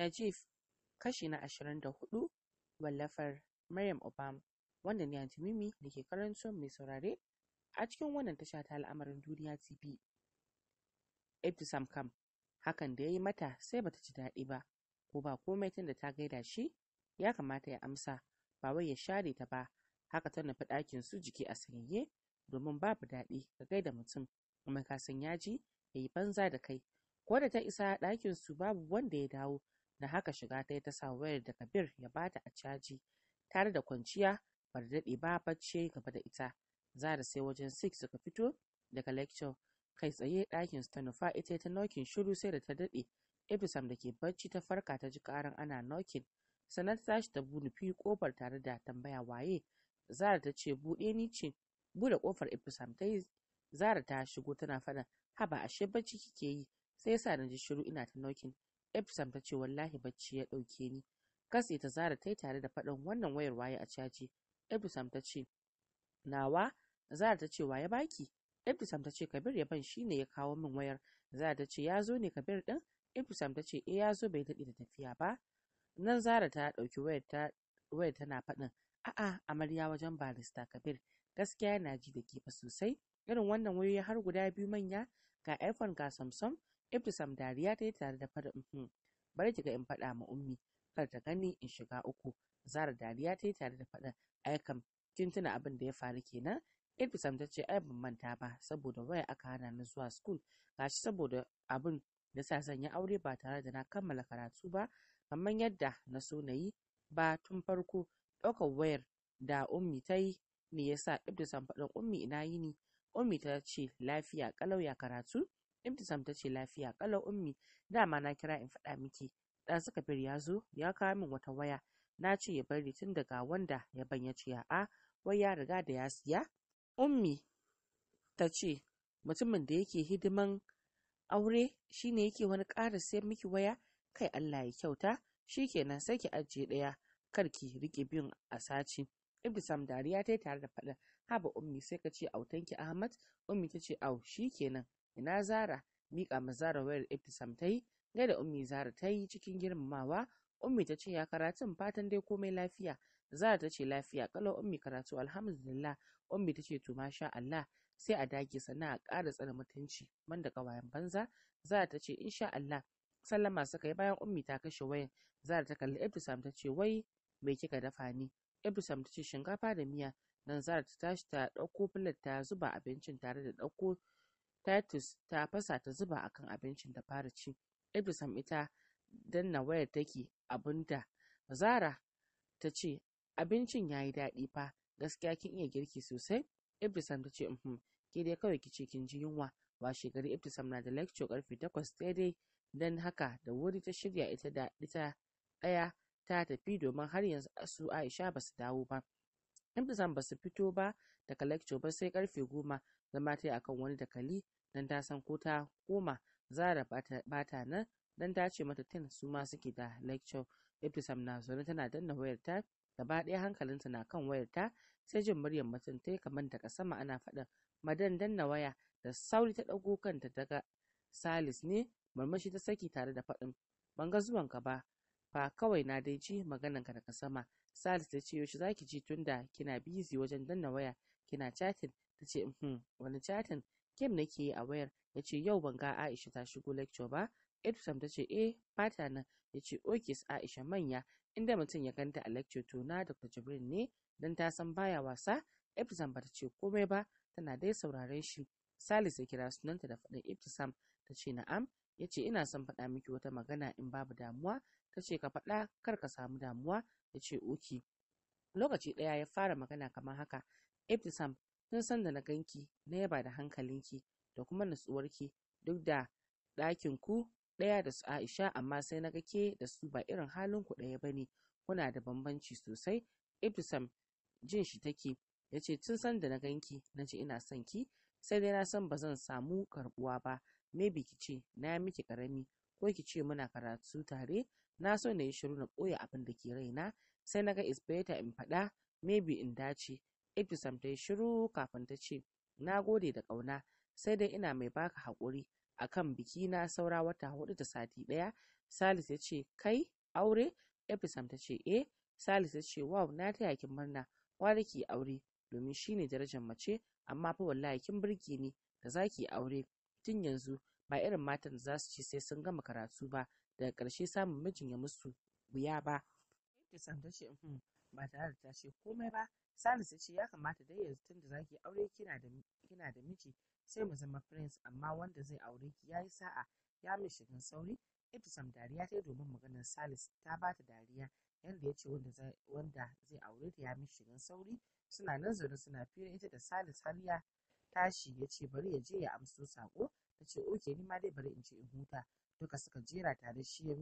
Najif, kashi na ashirin da hudu wallafar Maryam Obama wanda ni Anti Mimi da ke karanto mai saurare a cikin wannan tasha ta al'amarin duniya TV. Ibtisam kam hakan da ya yi mata sai bata ji daɗi ba ko ba komai tun ta gaida shi ya kamata ya amsa ba wai ya share ta ba haka ta nufi ɗakin su jiki a sanye domin babu daɗi ka gaida mutum kuma ka san yaji ya yi banza da kai ko da ta isa ɗakin su babu wanda ya dawo da haka shiga ta yi ta sa wayar da kabir ya bata a caji tare da kwanciya ba da daɗe ba bacci gaba da ita zara sai wajen 6 suka fito daga lecture kai tsaye ɗakin ta nufa ita ta nokin shiru sai da ta daɗe ibisam da ke bacci ta farka ta ji karan ana nokin sannan ta tashi ta nufi ƙofar tare da tambaya waye zara ta ce buɗe ni ce buɗe ƙofar ibisam ta yi zara ta shigo tana faɗa haba ashe bacci kike yi sai yasa na ji shiru ina ta nokin Epsom ta ce wallahi bacci ya ɗauke ni. Kasi ta zara ta yi tare da faɗin wannan wayar waye a caji. Epsom ta ce nawa zara ta ce waye baki. Ibtisam ta ce Kabir ya shi ne ya kawo min wayar. Zara ta ce ya zo ne Kabir ɗin? Ibtisam ta ce eh ya zo bai daɗe da tafiya ba. Nan Zara ta ɗauki wayar ta wayar tana faɗin a'a amarya wajen barista Kabir gaskiya yana ji da kifa sosai irin wannan wayoyi har guda biyu manya ga iPhone ga Samsung Ibtisam dariya ta yi tare da faɗin uhm, bari ki ga in faɗa ma ummi kar ta gani in shiga uku. Zara dariya ta yi tare da faɗa. Aikam? kin abin da ya faru kenan Ibtisam ta ce ai ban manta ba saboda waya aka hana ni zuwa school gashi saboda abin da sa zan yi aure ba tare da na kammala karatu ba kamar yadda na so na yi ba tun farko ɗaukar wayar da ummi ta yi ne ya sa Ibtisam faɗin ummi ina yini ummi ta ce lafiya ƙalau ya karatu Imtisam ta ce lafiya Kalar ummi dama na kira in faɗa miki ɗan suka fir ya zo ya kawo min wata waya na ce ya bari tun daga wanda ya ban ya ce ah, a wai ya riga da ya siya ummi ta ce mutumin da yake hidiman aure shine yake wani ƙara sayar miki waya kai Allah ya kyauta shikenan sai ki ajiye ɗaya kar ki rike biyun a saci Ibtisam dariya ta yi tare da faɗin haba ummi sai ka ce autanki Ahmad ummi ta ce au shikenan ina zara miƙa ma zara wayar ibtisam ta yi da ummi zara ta yi cikin girmamawa ummi ta ce ya karatun fatan dai komai lafiya zara ta ce lafiya kalau ummi karatu alhamdulillah ummi ta ce to masha Allah sai a dage sannan a ƙara tsare mutunci man da ƙawayen banza zara ta ce insha Allah sallama suka yi bayan ummi ta kashe wayan zara ta kalli ibtisam ta ce wai me kika dafa ni ibtisam ta ce shinkafa da miya dan zara ta tashi ta ɗauko filet ta zuba abincin tare da ɗauko Titus ta fasa ta zuba akan abincin ta fara ci. ibisam ita danna wayar take abinta. Zara ta ce abincin ya yi daɗi fa gaskiya kin iya girki sosai. iblisam ta ce uhm, ke dai kawai kice kin ji yunwa washe gari iblisam na da lecture karfe takwas daidai don haka da wuri ta shirya ita da ita ɗaya ta tafi domin har yanzu su Aisha ba su dawo ba. in ba su fito ba daga lecture ba sai karfe goma zama ta yi akan wani dakali nan ta san ko ta koma Zara ba ta nan dan ta ce mata tin su ma suke da lecture. Ibtisam na zaune tana danna wayarta gaba ɗaya hankalinta na kan wayarta sai jin muryar mutum ta yi kamar daga sama ana faɗin madan danna waya da sauri ta ɗago kanta daga salis ne murmushi ta saki tare da faɗin ban ga zuwanka ba fa kawai na dai ji ka daga sama Salis ta ce yaushe za ki ji tunda kina busy wajen danna waya kina chatting ta ce hmm wani chatting game nake yi a wayar ya ce yau ban ga Aisha ta shigo lecture ba Edson ta ce eh fata nan ya ce okis Aisha manya inda mutum ya ganta a lecture to na Dr. jibril ne dan ta san baya wasa Ibsam bata ce komai ba tana dai sauraren shi Salis ya kira sunanta da faɗin Ibsam ta ce na'am ya ce ina son faɗa miki wata magana in babu damuwa ta ce ka faɗa kar ka samu damuwa ya ce oki lokaci ɗaya ya fara magana kamar haka ibtisam tun san da na ganki na yaba da hankalinki da kuma natsuwarki duk da ɗakin ku ɗaya da su aisha amma sai na ga ke da su ba irin halin ku ɗaya bane kuna da bambanci sosai ibtisam jin shi take ya ce tun san da na ganki na ji ina son ki sai dai na san ba zan samu karɓuwa ba maybe ki ce na miki karami ko ki ce muna karatu tare na so na yi shiru na ɓoye abin da ke raina sai na ga is in faɗa maybe in dace ibtisam ta yi shiru kafin ta ce na gode da ƙauna sai dai ina mai baka haƙuri kan biki na saura wata hudu da sati ɗaya salis ya ce kai aure ibtisam ta ce eh salis ya ce wow na taya yakin murna wani ki aure domin shine darajar mace amma fa wallahi kin birki ne da zaki aure tun yanzu ba irin matan da za su ce sai sun gama karatu ba daga ƙarshe samun mijin ya musu wuya ba Ibtisam ta ce uhm, ba tare da ta komai ba Salisu ce ya kamata dai yanzu tunda zaki aure kina da kina da miji sai mu zama prince amma wanda zai aure ki ya yi sa'a ya min shigan sauri Ibtisam dariya ta yi domin maganar Salisu ta ba ta dariya yanda ya ce wanda zai aure ta ya min shigan sauri suna nan zaune suna fira ita da Salisu har ya tashi ya ce bari ya je ya amso sako ta ce oke ni ma dai bari in je in huta duka suka jera tare shi ya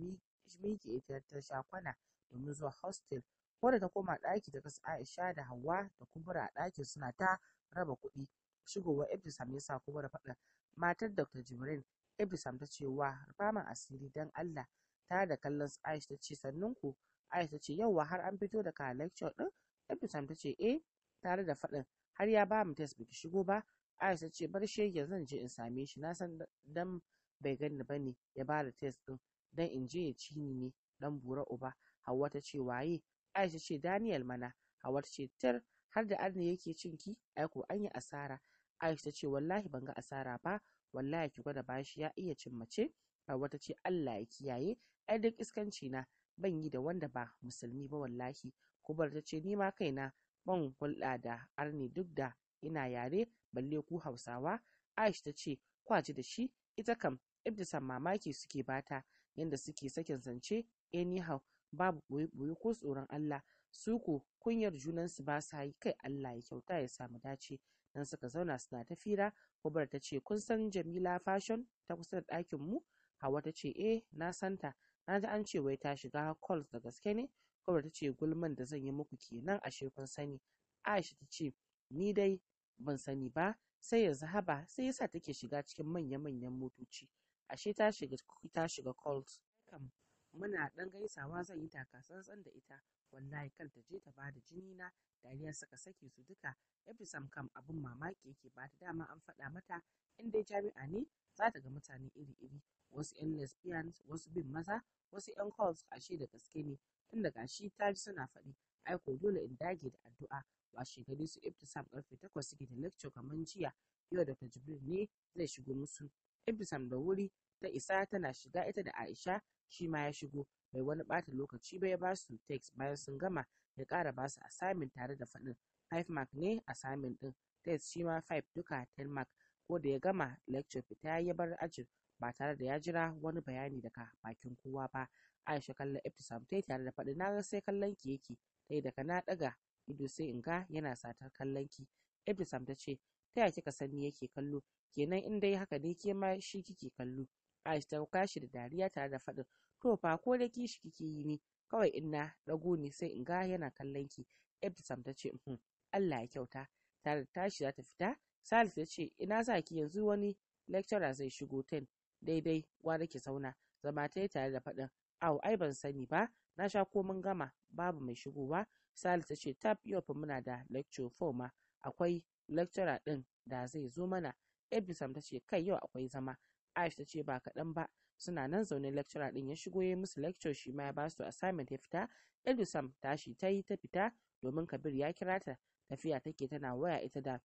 miƙe ita ta sha kwana domin zuwa hostel ko da ta koma ɗaki da kasa Aisha da Hauwa da kubura a ɗakin suna ta raba kuɗi shigowa Ibtisam ya sa kubura faɗa matar Dr. Jibrin Ibtisam ta ce wa faman asiri dan Allah Ta da kallon Aisha ta ce sannun ku Aisha ta ce yauwa har an fito da ka lecture din Ibtisam ta ce eh tare da faɗin har ya ba mu test biki shigo ba Aisha ta ce bar shege zan je in same shi na san dan bai ganni ba ne ya ba da test ɗin don in je ya ci ni ne ɗan bura uba Hauwa ta ce waye Aisha ce Daniel mana Hauwa ta ce tar har da arne yake cin cinki aiko an yi asara Aisha ta ce wallahi ban ga asara ba wallahi ki gwada bashi ya iya cin mace Hauwa ta ce Allah ya kiyaye ai duk iskanci na ban yi da wanda ba musulmi ba wallahi kubar ta ce ni ma kaina ban hulɗa da arne duk da ina yare balle ku Hausawa Aisha ta ce kwaji da shi ita kam ibtisan mamaki suke bata yadda suke sakin zance anyhow babu ɓoye-ɓoye ko tsoron Allah su ko kunyar junansu ba sa yi kai Allah ya kyauta ya samu dace dan suka zauna suna ta fira kubar ta ce kun san Jamila fashon ta kusa da ɗakin mu Hawa ta ce eh na santa na ji an ce wai ta shiga calls da gaske ne kubar ta ce gulman da zan yi muku kenan ashe kun sani Aisha ta ce ni dai ban sani ba sai yanzu haba sai yasa take shiga cikin manya-manyan motoci ashe ta shiga ta shiga cult kam muna ɗan gaisawa zan yi taka tsantsan da ita wallahi kan ta je ta bada jini na dariya suka sake su duka sam kam abun mamaki yake ba ta dama an faɗa mata in dai jami'a ne za ta ga mutane iri-iri wasu 'yan lesbians wasu bin maza wasu 'yan cult ashe da gaske ne tun daga shi ta ji suna faɗi ai ko dole in dage da addu'a wa shekaru su ibtisam karfe takwas suke da lecture kamar jiya yau da jibril ne zai shigo musu ibsam da wuri ta isa tana shiga ita da aisha shi ma ya shigo bai wani ɓata lokaci ba ya ba su text bayan sun gama ya ƙara ba su assignment tare da faɗin Five mark ne assignment ɗin test shi ma five duka ten mark ko da ya gama lecture fita ya bar ajin ba tare da ya jira wani bayani daga bakin kowa ba aisha kallon ibtisam tai tare da faɗin na ga sai kallon ki yake yi daga na ɗaga ido sai in ga yana satar kallon ki ibtisam ta ce ta ya kika sani yake kallo kenan in dai haka ne ke ma shi kike kallo Aisha ta kashi da dariya tare da faɗin to fa ko da kishi kike yi ni kawai in na ɗago ne sai in ga yana kallon ki Ibtisam ta ce uhm, Allah ya kyauta tare da tashi za ta fita Salisu ta ce ina za ki yanzu wani lecturer zai shigo ten daidai wa ki zauna zama ta yi tare da faɗin au ai ban sani ba na sha ko mun gama babu mai shigowa Salisu ta ce tab yau muna da lecture 4 ma akwai lecturer ɗin da zai zo mana Edison ta ce kai yau akwai zama aisha ta ce ba kaɗan ba suna nan zaune lecturer ɗin ya shigo ya musu lecture shi ma ya ba su assignment ya fita Edison tashi ta yi ta fita domin kabir ya kira ta tafiya take tana waya ita da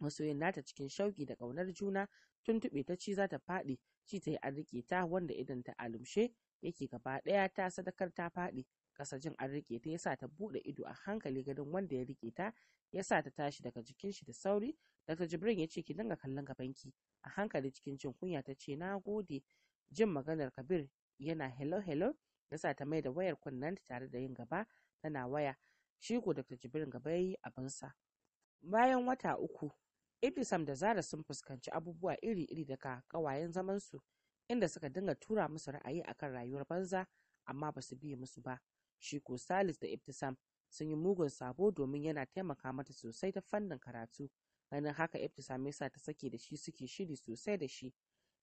masoyin nata cikin shauki da ƙaunar juna tuntuɓe ta ci za ta faɗi ci ta yi an riƙe ta wanda idan ta alumshe yake gaba ɗaya ta sadakar ta faɗi ƙasa jin an riƙe ta yasa ta buɗe ido a hankali gadon wanda ya rike ta ya sa ta tashi daga jikin shi da sauri dr jibrin ya ce ki dinga kallon gabanki a hankali cikin jin kunya ta ce na gode jin maganar kabir yana hello hello sa ta mai da wayar kunnen tare da yin gaba tana waya shi ko dr jibrin gaba ya yi abinsa bayan wata uku iblisam da zara sun fuskanci abubuwa iri-iri daga ƙawayen zamansu inda suka dinga tura musu ra'ayi akan rayuwar banza amma ba su biye musu ba Shi ko Salis da Ibtisam sun yi mugun sabo domin yana taimaka mata sosai ta fannin karatu. Ganin haka Ibtisam ya sa ta sake da shi suke shiri sosai da shi.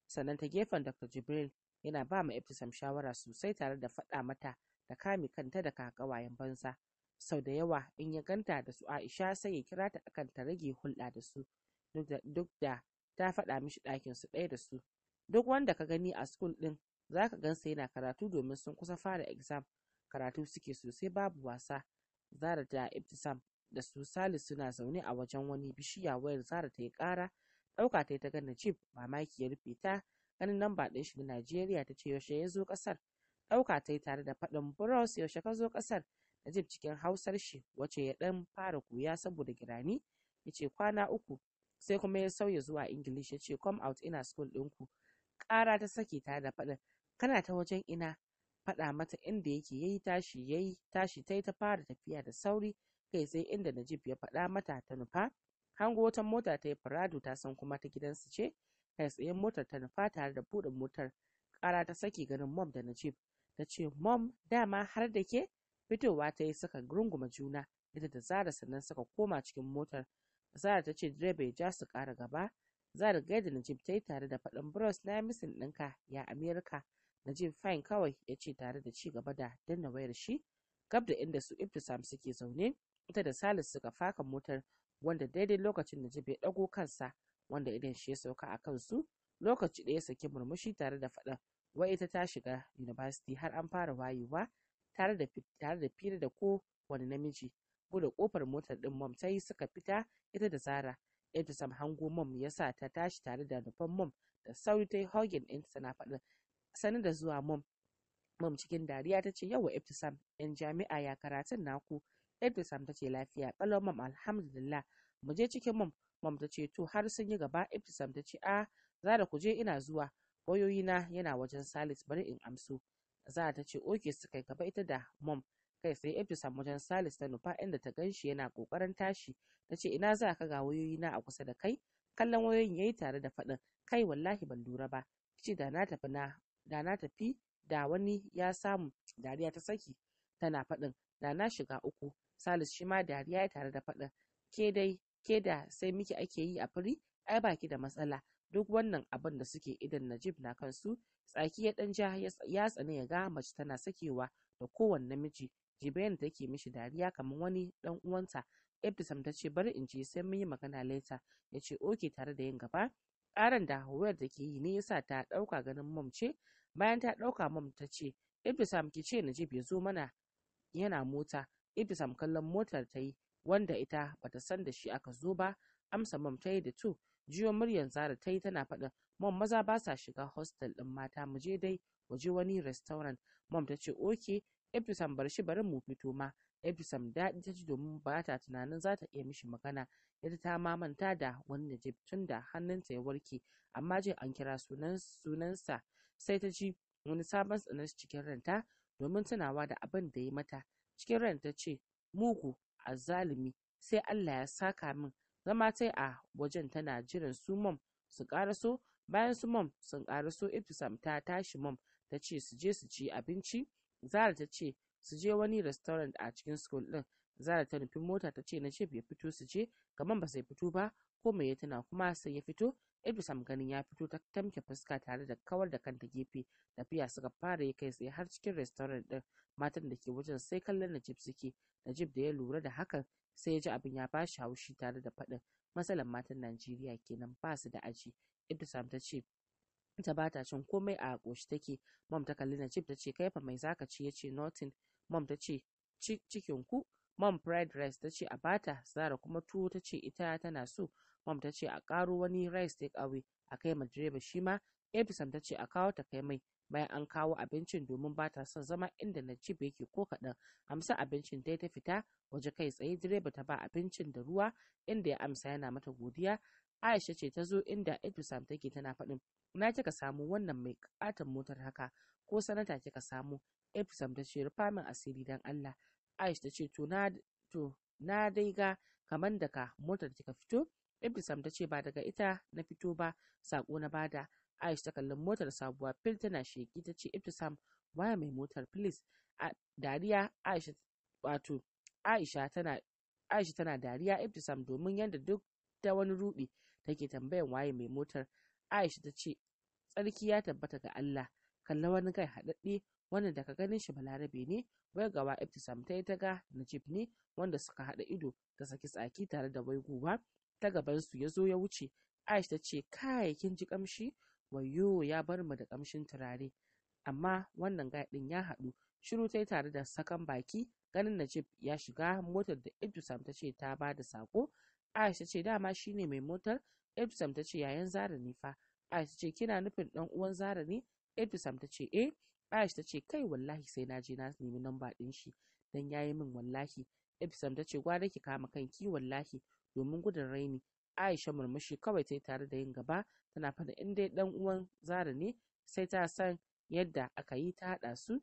Sannan ta gefen Dr. Jibril yana ba ma Ibtisam shawara sosai tare da faɗa mata da kame kanta da kakawayen banza. Sau da yawa in ya ganta da su Aisha sai ya kira ta akan ta rage hulɗa da su. Duk da ta faɗa mishi ɗakin su ɗaya da su. Duk wanda ka gani a school ɗin za ka gansa yana karatu domin sun kusa fara exam karatu suke sosai babu wasa zara da ibtisam da su Salisu suna zaune a wajen wani bishiya wayar zara ta yi ƙara ɗauka ta yi ta gana cif mamaki ya rufe ta ganin lamba ɗin shi na najeriya ta ce yaushe ya zo ƙasar ɗauka ta yi tare da faɗin bros yaushe ka zo ƙasar najib cikin hausar shi wace ya ɗan fara koya saboda girani ya ce kwana uku sai kuma ya sauya zuwa ingilish ya ce come out ina school ɗinku ƙara ta sake tare da faɗin kana ta wajen ina faɗa mata inda yake yayi tashi yayi tashi ta yi ta fara tafiya da sauri kai sai inda Najib ya faɗa mata ta nufa hango wata mota ta yi farado ta san kuma ta gidansu ce kai tsaye motar ta nufa tare da buɗe motar ƙara ta saki ganin mom da Najib ta ce mom dama har da ke fitowa ta yi suka runguma juna ita da Zara sannan suka koma cikin motar Zara ta ce direba ya ja su ƙara gaba Zara gaida Najib ta yi tare da faɗin Bros na misin ɗinka ya Amerika na jin fain kawai ya ce tare da ci gaba da danna wayar shi gab da inda su Ibtisam suke zaune ita da Salis suka faka motar wanda daidai lokacin da ya ɗago kansa wanda idan shi ya sauka a kansu lokaci ɗaya saki murmushi tare da faɗan wai ita ta shiga university har an fara wayewa tare da tare da fira da ko wani namiji bude kofar motar ɗin mom ta yi suka fita ita da Zara Ibtisam hango mom ya sa ta tashi tare da nufan mom da sauri ta yi hogin ɗinta tana faɗin sanin da zuwa mom mom cikin dariya ta ce yawa ibtisam yan jami'a ya karatun naku ibtisam ta ce lafiya kalon mom alhamdulillah mu je cikin mom mom ta ce to har sun yi gaba ibtisam ta ce a ah, za da ku je ina zuwa wayoyina yana wajen salis bari in amsu za ta ce oke su kai gaba ita da mom kai sai ibtisam wajen salis ta nufa inda ta gan shi yana kokarin tashi ta ce ina za ka ga wayoyina a kusa da kai kallon wayoyin yayi tare da faɗin kai wallahi ban lura ba ce da na tafi na da na tafi da wani ya samu dariya ta saki tana faɗin da na shiga uku salis shi ma dariya ya tare da faɗin ke dai ke da sai miki ake yi a firi ai baki da matsala duk wannan abin da suke idan najib na kansu tsaki ya ɗan ja ya tsane ya ga mace tana sakewa da kowanne namiji jibayin take mishi dariya kamar wani ɗan uwanta ibtisam ta ce bari in je sai mun yi magana leta ya ce oke tare da yin gaba Ƙaran da wayar da ke yi ne yasa ta ɗauka ganin mom ce, bayan ta ɗauka mam ta ce, Ibtisam ki ce Najib ya zo mana yana mota, Ibtisam kallon motar ta yi, wanda ita bata san da shi aka zo ba, amsa mom ta yi da tu, jiyo muryar Zara ta yi tana faɗin, mom maza ba sa shiga hostel ɗin mata mu je dai, waje wani restaurant, mom ta ce oke, Ibtisam bar shi bari mu fito ma, Ibtisam daɗi ta ji domin ba ta tunanin za ta iya mishi magana, ita ta mamanta da wani najib tun da hannunta ya warke amma jin an kira sunansa sai ta ji wani sabon tsanar cikin ranta domin tunawa da abin da ya mata cikin ranta ce mugu a azzalumi sai allah ya saka min zama tai a wajen tana jiran su mom su karaso bayan su mom sun karaso ibtisam ta tashi mom ta ce su je su ci abinci zara ta ce su je wani restaurant a cikin school ɗin. Zara ta nufi mota ta ce na jeep ya fito su je kamar ba sai fito ba ko mai ya tuna kuma sai ya fito sam ganin ya fito ta tamke fuska tare da kawar da kanta gefe tafiya suka fara ya kai tsaye har cikin restaurant din matan da ke wajen sai kallon Najib suke Najib da ya lura da hakan sai ya ji abin ya bashi haushi tare da faɗin matsalan matan Najeriya kenan ba su da aji sam ta ce ta ba ta cin komai a ƙoshi take mom ta kalli Najib ta ce kai fa mai zaka ci ce nothing mom ta ce cikin ku Mom fried rice ta ce a bata, Zara kuma tuwo ta ce ita tana so. Mom ta ce a karo wani rice take away a kai ma direba shi ma. Efisam ta ce a kawo ta kai mai. Bayan an kawo abincin domin ba ta son zama inda na ci yake ko kaɗan. Amsa abincin dai ta fita waje kai tsaye direba ta ba abincin da ruwa inda ya amsa yana mata godiya. Aisha ce ta zo inda ta take tana faɗin. Na kika samu wannan mai katon motar haka ko sanata kika samu. Efisam ta ce rufa min asiri dan Allah. Aisha ta ce to na dai ga kaman daga motar da kika fito Ibtisam ta ce ba daga ita na fito ba saƙo na bada Aisha ta kalli motar sabuwa fil tana sheki ta ce Ibtisam waya mai motar please a dariya Aisha wato Aisha tana Aisha tana dariya Ibtisam domin yadda duk ta wani ruɗi take tambayan waye mai motar Aisha ta ce tsarki ya tabbata ga Allah kalla wani kai haɗaɗɗe wannan daga ganin shi balarabe ne waigawa gawa ta yi ta ga najib ne wanda suka haɗa ido ta saki tsaki tare da waigowa. ta gaban su ya zo ya wuce Aisha ta ce kai kin ji kamshi wayo ya bar mu da kamshin turare amma wannan gaɗin ya haɗu shiru ta yi tare da sakan baki ganin najib ya shiga motar da iftisam ta ce ta ba da sako Aisha ta ce dama shine mai motar iftisam ta ce yayan zara fa Aisha ta ce kina nufin ɗan uwan zarani? ne iftisam ta ce eh Aisha ta ce kai wallahi sai na je na nemi namba din shi dan yayi min wallahi Ibsam ta ce gwada ki kama ki wallahi domin gudun raini Aisha murmushi kawai ta yi tare da yin gaba tana fada in dai dan uwan Zara ne sai ta san yadda aka yi ta hada su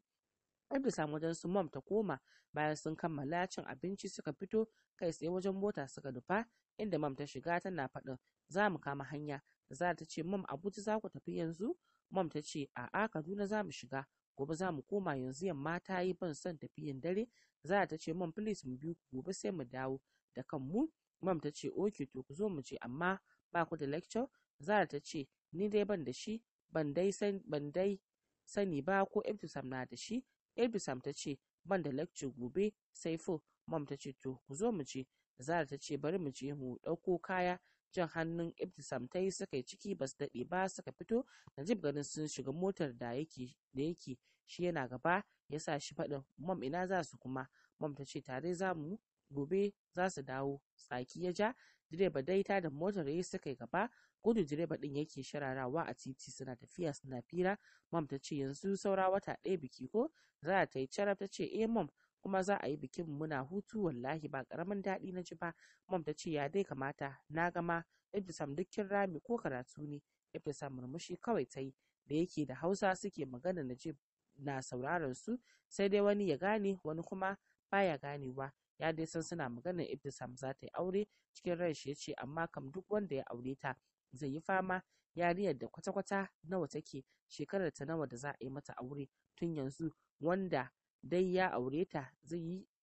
Ibsam wajen su mom ta koma bayan sun kammala cin abinci suka fito kai tsaye wajen mota suka dufa inda mam ta shiga tana faɗin za mu kama hanya Zara ta ce mam Abuja za ku tafi yanzu mam ta ce a'a Kaduna za mu shiga gobe za mu koma yanzu yamma ta yi ban son tafiyan dare za ta ce mom please mu biyu gobe sai mu dawo da kanmu mam ta ce okay to ku zo mu je amma ba ku da lecture za ta ce ni dai ban da shi ban dai san ban dai sani ba ko ibtisam na da shi ibtisam ta ce ban da lecture gobe sai fo mam ta ce to ku zo mu je za ta ce bari mu je mu ɗauko kaya jan hannun ibtisam ta yi suka yi ciki ba su daɗe ba suka fito najib ganin sun shiga motar da yake da yake shi yana gaba ya sa shi faɗin mom ina za su kuma mom ta ce tare za mu gobe za su dawo tsaki ya ja direba dai ta da motar ya suka yi gaba gudu direba din yake shararawa a titi suna tafiya suna fira mom ta ce yanzu saura wata ɗaya biki ko za ta yi carab ta ce eh mom kuma za a yi bikin muna hutu wallahi ba karamin daɗi na ji ba mom ta ce ya dai kamata na gama ibtisam dukkin rami ko karatu ne ibtisam murmushi kawai ta yi da yake da hausa suke magana na je na sauraron su sai dai wani ya gane wani kuma baya ganewa ya dai san suna maganar ibtisam za ta yi aure cikin ran shi ya ce amma kam duk wanda ya aure ta zai yi fama yariyar da kwata-kwata nawa take shekarar ta nawa da za a yi mata aure tun yanzu wanda dai ya aure ta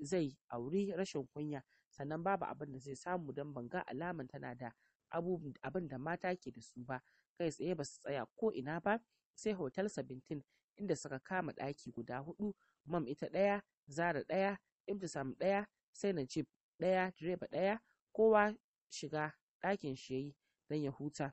zai auri rashin kunya sannan babu abin da zai samu don ban ga alaman tana da abin da mata ke da su ba kai tsaye ba su tsaya ko ina ba sai hotel sabintin inda suka kama ɗaki guda hudu mam ita ɗaya zara ɗaya ibtisam ɗaya sai na ɗaya direba ɗaya kowa shiga ɗakin shi ya yi don ya huta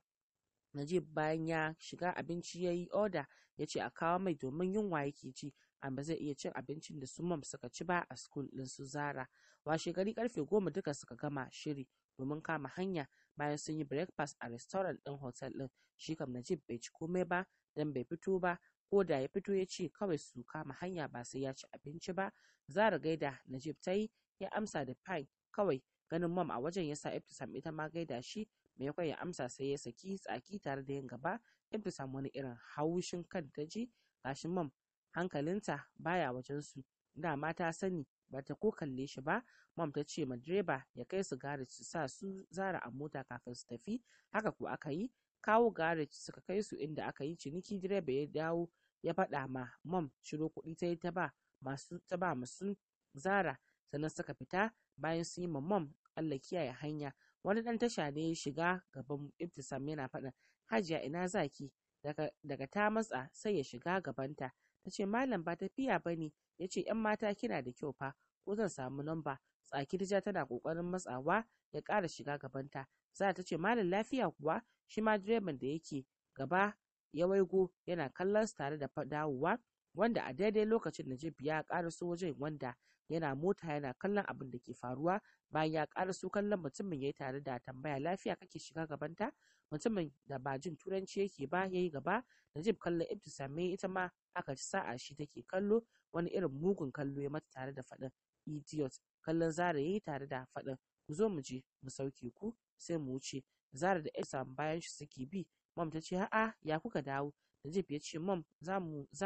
Najib bayan ya shiga abinci ya yi oda ya ce a kawo mai domin yunwa yake ci amma zai iya cin abincin da su mam suka ci ba a skul din su zara washe gari karfe goma duka suka gama shiri domin kama hanya bayan sun yi breakfast a restaurant din hotel din shi kam najib bai ci komai ba dan bai fito ba ko da ya fito ya ce kawai su kama hanya ba sai ya ci abinci ba zara gaida najib ta yi ya amsa da fine kawai ganin mam a wajen ya sa ibtisam ita ma gaida shi me kawai ya amsa sai ya saki tsaki tare da yin gaba ya fi samu wani irin haushin kan ta ji gashin mam hankalinta baya wajen su da ta sani ba ta ko kalle shi ba mam ta ce ma direba ya kai su garage su sa su zara a mota kafin su tafi haka ko aka yi kawo garage suka kai su inda aka yi ciniki direba ya dawo ya faɗa ma mam shiro kuɗi ta yi ta ba masu ta ba masu zara sannan suka fita bayan sun yi ma mam Allah kiyaye hanya wani ɗan tasha ne ya shiga gaban ibtisam yana faɗin hajiya ina zaki daga, daga ta matsa sai ya shiga gabanta ta ce malam ba tafiya ba ne ya ce ‘yan mata kina da kyau fa ko zan samu namba tsakirja tana kokarin matsawa ya ƙara shiga gabanta za ta ce malam lafiya kuwa shi ma direban da yake gaba ya waigo yana kallon su tare da dawowa wanda a daidai lokacin Najib ya karaso wajen wanda yana mota yana kallon abin da ke faruwa bayan ya karaso kallon mutumin ya yi tare da tambaya lafiya kake shiga gabanta mutumin da ba jin turanci yake ba ya yi gaba Najib kallon same ita ma aka ci sa'a shi take kallo wani irin mugun kallo ya mata tare da faɗin idiot kallon Zara ya yi tare da faɗin ku zo mu je mu sauke ku sai mu wuce Zara da Ibtisam bayan shi suke bi mam ta ce a'a ya kuka dawo Najib ya ce mom za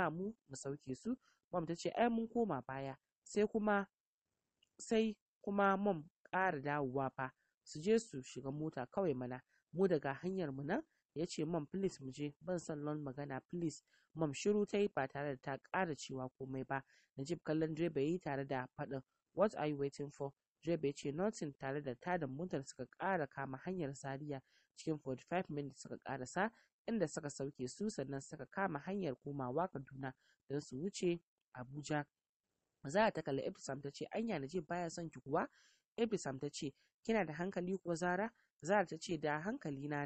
mu mu sauke su mam ta ce ai mun koma baya sai kuma sai kuma mom ƙara dawowa fa su je su shiga mota kawai mana mu daga hanyar mu nan ya ce mom please mu je ban son lon magana please mam shiru ta yi ba tare da ta ƙara cewa komai ba Najib kallon direba yi tare da faɗin what are you waiting for direba ya ce nothing tare da tada motar suka ƙara kama hanyar Zaria cikin 45 minutes suka ƙarasa inda suka sauke su sannan suka kama hanyar komawa kaduna don su wuce abuja za ta kalli ibsam ta ce anya na je baya son ki kuwa ibsam ta ce kina da hankali kuwa zara zara ta ce da hankali na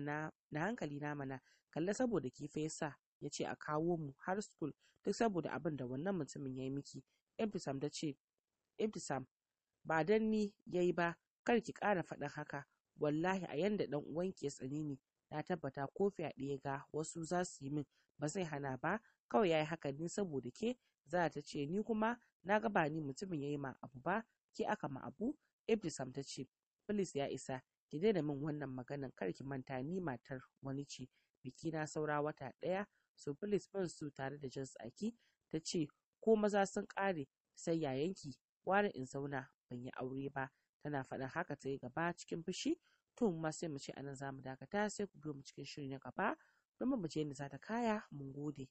na hankali na mana kalla saboda kifa yasa ya ce a kawo mu har school duk saboda abin da wannan mutumin ya yi miki ibsam ta ce ibsam ba dan ni yayi ba kar ki ƙara faɗin haka wallahi a yanda ɗan uwanki ya tsani ni ya tabbata ko fyaɗe ya ga wasu za su yi min ba zai hana ba kawai ya yi haka ni saboda ke za ta ce ni kuma na ga ba ni mutumin ya yi ma abu ba ke aka ma abu iblisam ta ce filis ya isa ki daina min wannan maganan kar ki manta ni matar wani ce biki na saura wata ɗaya so filis ban su tare da jan tsaki ta ce ko maza sun ƙare sai yayanki wani in zauna ban yi aure ba tana faɗin haka ta yi gaba cikin fushi to mu ma sai mu ce anan zamu dakata sai ku biyo mu cikin shirin na gaba don mu je ni za ta kaya mun gode